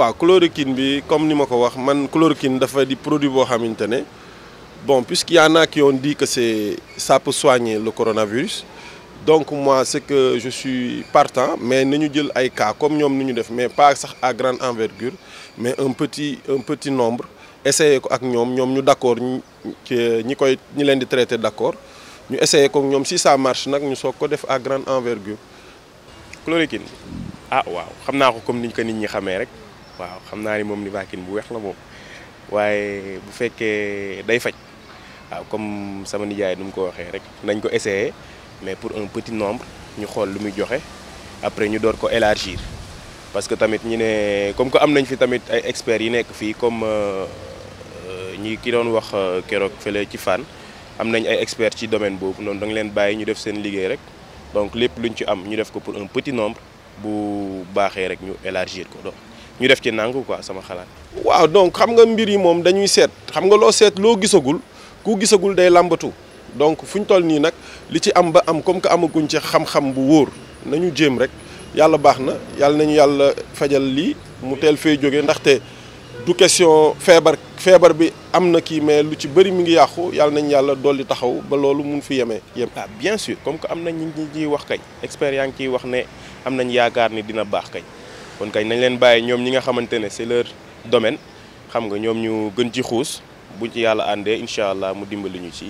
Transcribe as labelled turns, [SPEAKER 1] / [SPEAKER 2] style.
[SPEAKER 1] wa chloroquine bi comme ni mako wax man chloroquine dafa di produit bo xamante bon puisqu'il y en a qui ont dit que c'est ça peut soigner le coronavirus donc moi c'est que je suis partant mais nañu jël ay cas comme ñom ni ñu def mais pas sax à grande envergure mais un petit un petit nombre essayer ko ak ñom ñom ñu d'accord ñi koy ñi leen di traiter d'accord ñu essayer ko ñom si ça marche nag ñu soog def à grande envergure chloroquine
[SPEAKER 2] ah waaw xamna ko comme niñ ko nit ñi xamé rek waaw xam naa ni moom ni vaakin bu weex la moom waaye bu fekkee day faj waaw comme sama nijaay nu mu ko waxee rek nañ ko essayer mais pour un petit nombre ñu xool lu muy joxe après ñu door ko élargir parce que tamit ñu ne comme que am nañ fi tamit ay experts yi nekk fii comme euh, ñi ki doon wax euh, keroog fële ci fan am nañ ay experts ci domaine boobu noonu da nga leen bàyyi ñu def seen liggéey rek donc lépp luñ ci am ñu def ko pour un petit nombre bu baaxee rek ñu élargir ko donc ñu def ci nangu quoi sama xalaat.
[SPEAKER 1] waaw donc xam nga mbir yi moom dañuy seet xam nga loo seet loo gisagul ku gisagul day làmbatu donc fu ñu toll ni nak li ci am ba am comme que amaguñ ci xam-xam bu wóor nañu jéem rek yàlla baax na nañu yàlla fajal li mu teel fee jóge ndaxte du question feebar bi am na mais lu ci bëri mi ngi yàqu yàlla nañ yàlla taxaw ba fi yem
[SPEAKER 2] ah, bien sûr comme que am na ñi ñi ciy wax kañ expert wax ne am nañ yaakaar ni dina baax kon kañ nañ leen bàyyi ñoom ñi nga xamante ne c'est leur domaine xam nga ñoom ñu gën ci xuus buñ ci yàlla àndee incha allah mu dimbali ñu ci.